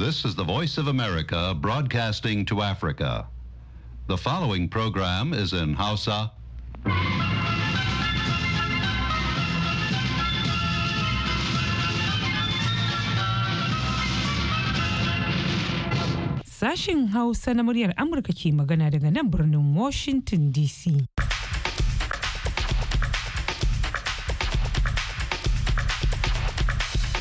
This is the Voice of America broadcasting to Africa. The following program is in Hausa. Sashing Hausa na muryar Amurka ke magana daga nan birnin Washington DC.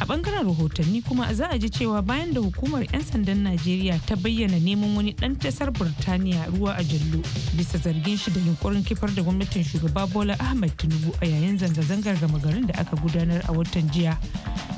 a bangaren rahotanni kuma za a ji cewa bayan da hukumar 'yan sandan najeriya ta bayyana neman wani ɗan tasar burtaniya ruwa a jallo bisa zargin shi da yunkurin kifar da gwamnatin shugaba bola ahmed tinubu a yayin zanga-zangar gama garin da aka gudanar a watan jiya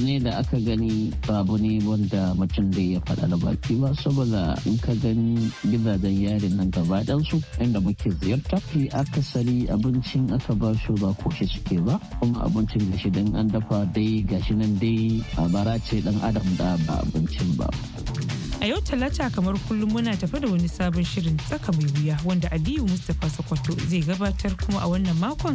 ne da aka gani babu ne wanda mutum da ya faɗa da baki ba saboda in ka gani gidajen yari nan gaba ɗansu inda muke ziyarta fi akasari abincin aka ba shi ba koshi suke ba kuma abincin da shi don an dafa dai gashi nan dai a bara ce dan adam da ba abincin ba. A yau talata kamar kullum muna tafi da wani sabon shirin tsaka mai wuya wanda Aliyu Mustapha Sokoto zai gabatar kuma a wannan makon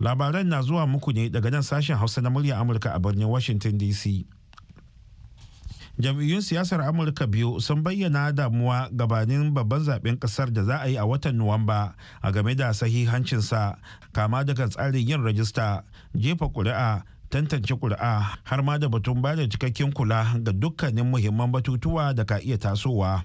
labaran na zuwa muku ne daga nan sashen hausa na murya amurka a birnin washington dc jam'iyyun siyasar amurka biyu sun bayyana damuwa gabanin babban zaben kasar da za a yi a watan nuwamba a game da sahihancinsa kama daga tsarin yin rajista jefa ƙuri'a tantance ƙuri'a har ma da batun bada cikakken kula ga dukkanin muhimman batutuwa da ka iya tasowa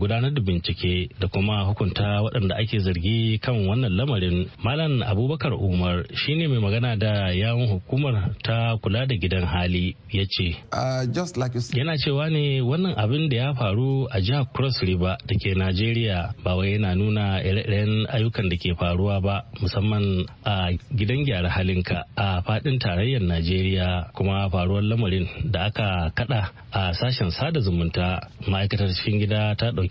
gudanar da bincike da kuma hukunta waɗanda ake zargi kan wannan lamarin malam abubakar umar shine mai magana da yawon hukumar ta kula da gidan hali ya ce uh, yana cewa ne wannan abin da ya faru a jihar cross river da ke najeriya ba wai yana nuna ire-iren ayyukan da ke faruwa ba musamman a gidan gyara halinka a faɗin tarayyar najeriya kuma faruwar lamarin da aka kada a sashen sada zumunta ma'aikatar cikin gida ta ɗauki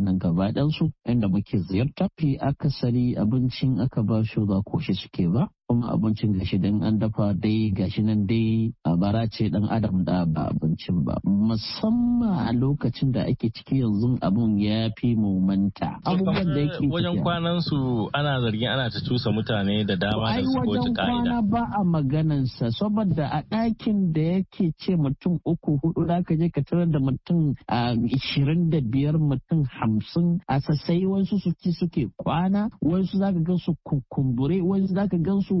nan gaba ɗansu inda muke ziyarta fi akasari abincin aka ba shi ba koshi suke ba kuma abincin gashi dan an dafa dai gashi nan dai a bara ce dan adam da ba abincin ba musamman a lokacin da ake ciki yanzu abun ya fi mumanta abubuwan da yake wajen kwanan su ana zargin ana ta cusa mutane da dama da su wajen kwana ba a maganan sa saboda a dakin da yake ce mutum uku hudu zaka je ka tarar da mutum ishirin da biyar mutum hamsin a sassai wasu su ci suke kwana wasu zaka gan su kukumbure wasu zaka gan su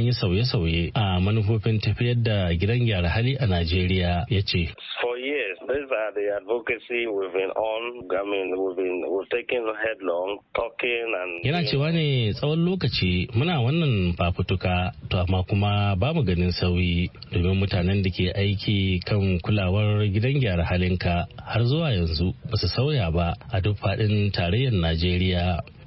an yi sauye-sauye a manufofin tafiyar da gidan gyara hali a Najeriya ya ce. These are the advocacy we've been on. I mean, Yana cewa ne tsawon lokaci muna wannan fafutuka to amma kuma ba mu ganin sauyi domin mutanen da ke aiki kan kulawar gidan gyara halinka har zuwa yanzu ba su sauya ba a duk faɗin tarayyar Najeriya.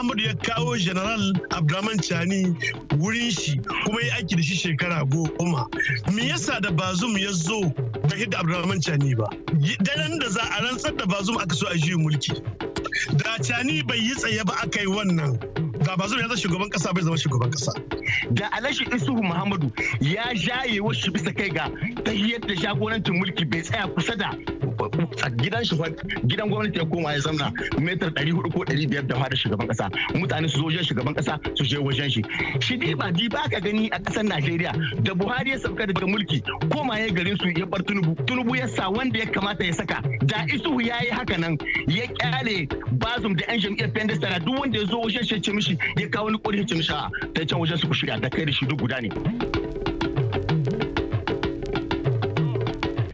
Muhammadu ya kawo General Abdulrahman Chani wurin shi kuma ya aiki da shi shekara goma. Me yasa da Bazum ya zo ba hidda Abdulrahman Chani ba? Daren da za a rantsar da Bazum aka so a juyin mulki. Da Chani bai yi tsaye ba aka yi wannan. da ba ya zama shugaban kasa bai zama shugaban kasa. Da Alhaji Isuhu Muhammadu ya jaye wasu bisa kai ga ta yadda jagorancin mulki bai tsaya kusa da a gidan shi gidan gwamnati ya koma ya zamna metar hudu ko biyar da fara shugaban kasa mutane su zo wajen shugaban kasa su je wajen shi shi dai ba di ba ka gani a kasar Najeriya da Buhari ya sauka daga mulki koma ya garin su ya bar Tunubu Tunubu ya sa wanda ya kamata ya saka da Isuhu ya yi haka nan ya kyale Bazum da yan jam'iyyar Pendestara duk wanda ya zo wajen shi ya ce mishi ya kawo wani kuri ya ce mishi ta can wajen su ku shirya da kai da shi duk guda ne.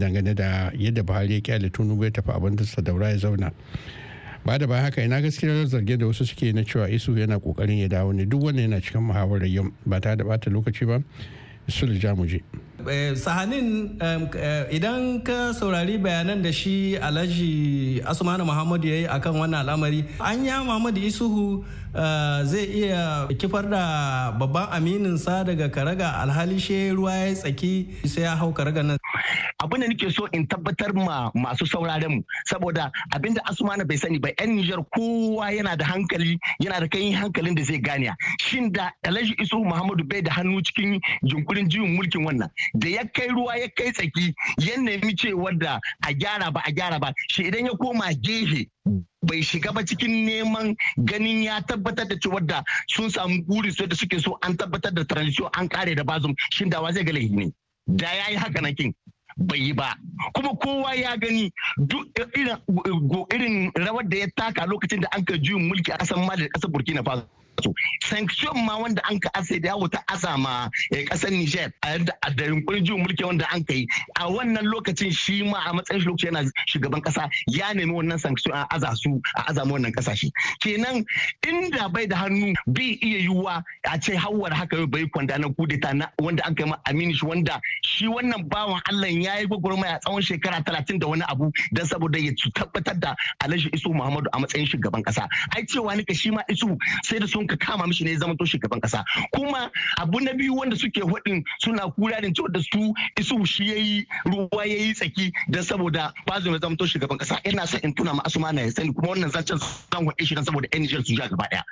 dangane da yadda buhari ya kyale tunubu ya tafi abin da daura ya zauna ba da ba haka ina gaskiyar zarge da wasu suke na cewa isu yana kokarin ya dawo ne duk wanda yana cikin muhawarar yau ba ta da bata lokaci ba sulu jamuje eh, sahanin eh, idan ka saurari bayanan da shi alhaji asmanu muhammadu ya yi akan wannan al'amari an ya muhammadu isuhu eh, zai iya kifar da babban aminin sa daga karaga alhali shi ruwa ya tsaki sai ya hau karaga nan abin da nake so in tabbatar ma masu sauraren saboda abin da asmana bai sani ba yan nijar kowa yana da hankali yana da kai hankalin da zai gane shin da alhaji isu muhammadu bai da hannu cikin jinkurin jiwon mulkin wannan da ya kai ruwa ya kai tsaki ya nemi cewar da a gyara ba a gyara ba shi idan ya koma gehe bai shiga ba cikin neman ganin ya tabbatar da cewar da sun samu guri da suke so an tabbatar da transition an kare da bazum shin wa zai ga laifi ne da ya haka na kin bai yi ba kuma kowa ya gani duk irin rawar da ya taka lokacin da an ka juyin mulki a kasan mali da kasar burkina faso sanction ma wanda an ka asa da yawo ta asa ma kasar eh, Niger a yadda a da yunkurin mulki wanda an kai a wannan lokacin shi ma a matsayin lokaci yana shugaban kasa ya nemi wannan sanction a aza su a aza wannan kasashe kenan inda bai da hannu bi iya yiwuwa a ce hawar haka yau bai kwanda na kudeta na wanda an kai ma Aminu shi wanda shi wannan bawan Allah ya yi gwagwarmaya tsawon shekara talatin da wani abu don saboda ya tabbatar da Alhaji Isu Muhammadu a matsayin shugaban kasa ai cewa ka shi ma Isu sai da su sun ka kama mishi ne zama to shugaban kasa kuma abu na biyu wanda suke hudin suna kura din da su isu shi yayi ruwa yayi tsaki dan saboda bazu ya zama to shugaban kasa ina son in tuna ma asuma na ya sani kuma wannan zancen zan hudin shi dan saboda NGL su ja gaba daya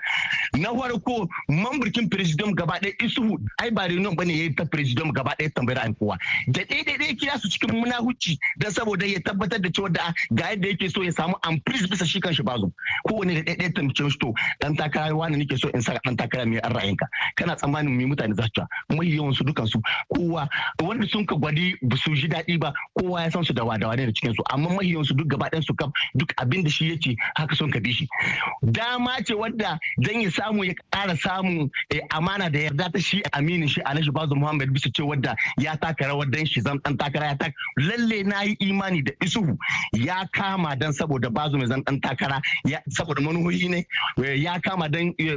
na farko mamburkin president gaba daya isu ai ba reunion bane yayi ta president gaba daya tambayar an kowa da dai dai kira su cikin munahuci dan saboda ya tabbatar da cewa da ga yadda yake so ya samu amprise bisa shi kanshi bazu kowane da dai tambayar shi to dan takarawa ne nake so in sa an takara mai an ra'ayinka kana tsammanin mai mutane za su ta mai yawan su dukan su kowa wanda sun ka gwadi ba su ji daɗi ba kowa ya san su da wadawa ne da cikin su amma mai yawan su duk gaba ɗayan su kam duk abin da shi ce haka sun ka bi shi dama ce wadda dan ya samu ya ƙara samu eh, amana da yarda ta shi aminin shi Alhaji Bazu Muhammad bisa ce wadda ya taka rawar dan shi zan dan takara ya tak lalle na yi imani da isuhu ya kama dan saboda Bazu mai zan dan takara saboda manuhoyi ne eh, ya kama dan eh,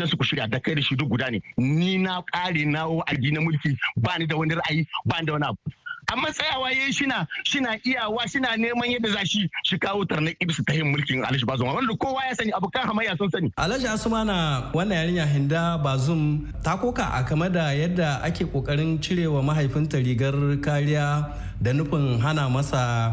wajen su ku shirya da kai da shi duk guda ne ni na kare na wa'adi na mulki ba ni da wani ra'ayi ba ni da wani abu amma tsayawa ya yi shina shina iyawa shina neman yadda za shi shi kawo tarnar ibsu ta yin mulkin alhaji bazum wanda kowa ya sani abokan hamayya sun sani alhaji asumana wannan yarinya hinda bazum ta koka a kama da yadda ake kokarin cirewa mahaifinta rigar kariya da nufin hana masa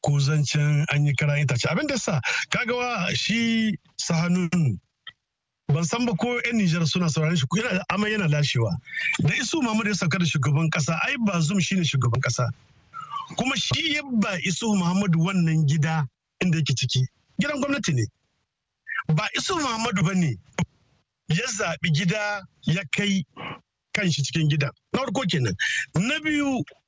ko zancen an yi kira itace abin da sa kagawa shi sahanun ban san ba ko yan Nijar suna sauraron shi kuma amma yana lashewa da isu Muhammad ya sauka da shugaban kasa ai ba zum shine shugaban kasa kuma shi ya ba isu Muhammad wannan gida inda yake ciki gidan gwamnati ne ba isu Muhammadu ba ne ya zaɓi gida ya kai kan shi cikin gida na farko kenan na biyu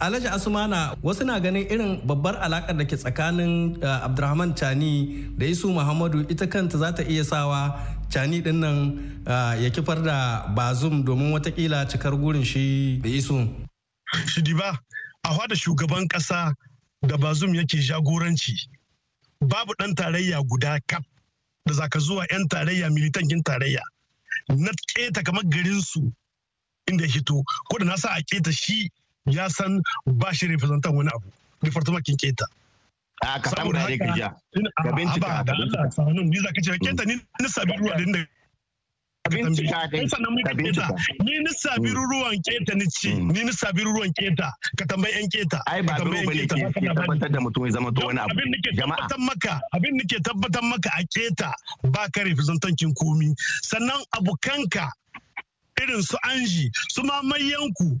alhaji asumana wasu na ganin irin babbar alakar da ke tsakanin eh, abdurrahman chani da isu muhammadu ita kanta za ta iya sawa chani din nan eh, ya kifar da bazum domin watakila cikar gurin shi da isu shidiba a hada shugaban kasa da bazum yake jagoranci babu ɗan tarayya guda kap da zaka zuwa 'yan tarayya militankin tarayya na keta kamar garinsu inda ya hito ko da na sa a keta shi ya san ba shi representan wani abu department kin keta a ka samu da yake ya ka bincika da Allah sanun ni zaka ce keta ni ni sabi ruwa din da bincika dai ka bincika ni ni sabi mm. ruwan keta ni ci mm. ni ni sabi ruwan keta ka tambayi yan keta ai ba ruwa bane ke tabbatar da mutum ya zama to wani abu jama'a abin maka abin nake tabbatar maka a keta ba ka representan kin komi sannan abukanka irin su anji su mamayenku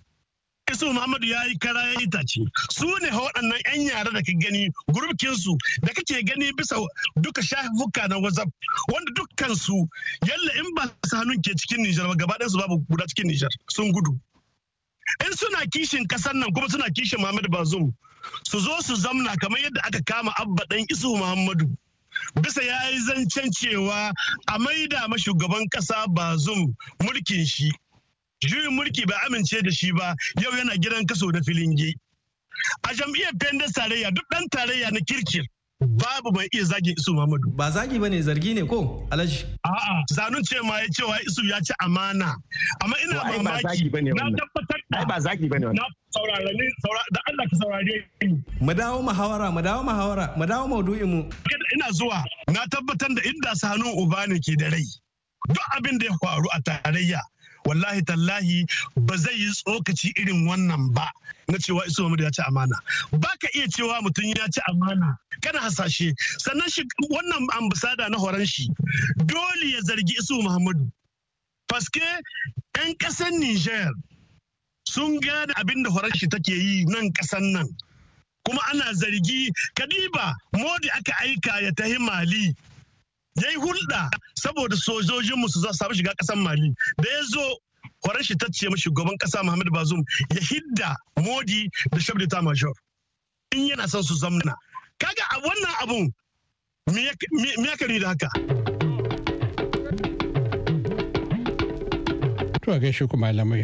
isu muhammadu ya yi kara ya itace su ne waɗannan yan yara da ka gani gurbikin su da kake gani bisa duka shafuka na wazaf wanda dukkan su yalla in ba su hannun ke cikin nijar ba gaba su babu guda cikin nijar sun gudu in suna kishin kasar nan kuma suna kishin muhammadu bazum su zo su zamna kamar yadda aka kama abba ɗan isu muhammadu bisa ya yi zancen cewa a maida mashugaban kasa bazum mulkin shi juyin mulki bai amince da shi ba yau yana gidan kaso da filingi a jam'iyyar pendas tarayya duk dan tarayya na kirkir babu mai iya zagin isu Muhammadu. Ba zagi bane zargi ne ko Alhaji? A'a zanun ce ma ya cewa isu ya ci amana. Amma ina mamaki na tabbatar da. Ai ba zagi bane wannan. saurare ni da Allah ka saurare ni. Mu dawo muhawara, mu dawo muhawara, mu dawo maudu'in mu. Ina zuwa na tabbatar da inda sanu uba ne ke da rai. Duk abin da ya faru a tarayya wallahi tallahi ba zai yi tsokaci irin wannan ba na cewa iso Muhammadu ya ci amana ba ka iya cewa mutum ya ci amana kana hasashe sannan shi wannan ambasada na horon shi dole ya zargi iso Muhammadu faske 'yan ƙasar Niger sun gane abin da horon shi take yi nan kasan nan kuma ana zargi kadiba modi aka aika ya tahi mali ya yi hulɗa saboda sojojinmu su samu shiga ƙasar mali da ya zo kwaran shi tacciye mu shugaban ƙasa muhammad bazum ya hidda modi da shabda ta major in yana son su zamna kaga a wannan abun me ya kari da haka to a gaishe kuma lamai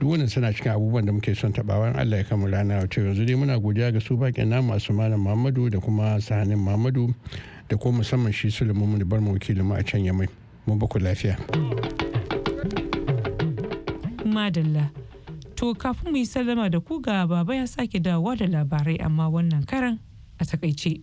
duk wannan suna cikin abubuwan da muke son tabawan Allah ya kama rana wace yanzu dai muna godiya ga su bakin na masu malam Muhammadu da kuma sahanin Muhammadu da kuma musamman shi Sulaiman da bar mu wakili mu a can Yamai mu ba ku lafiya madalla to kafin mu yi sallama da ku ga baba ya sake dawowa da labarai amma wannan karan a takaice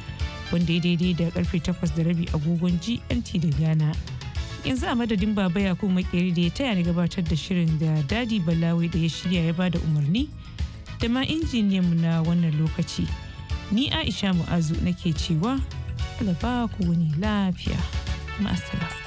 wanda ya daidai da karfe takwas da rabi agogon GMT da Ghana. Yanzu a madadin Baba yakub Makeri da ya taya ni gabatar da shirin da Dadi Balawi da ya shirya ya bada umarni da ma injiniyan mu na wannan lokaci. Ni Aisha Mu'azu nake cewa, Allah ba ku wani lafiya. Ma'asala.